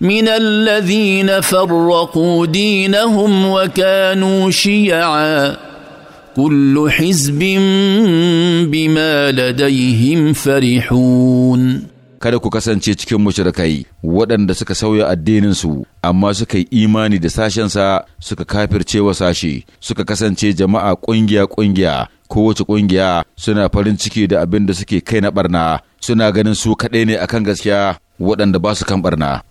من الذين فرقوا دينهم وكانوا شيعا كل حزب بما لديهم فرحون kada ku kasance cikin mushrikai waɗanda suka sauya addininsu amma suka yi imani da sashensa suka kafirce wa sashe suka kasance jama'a ƙungiya ƙungiya kowace ƙungiya suna farin ciki da abin da suke kai na ɓarna, suna ganin su kaɗai ne akan gaskiya waɗanda ba su kan ɓarna.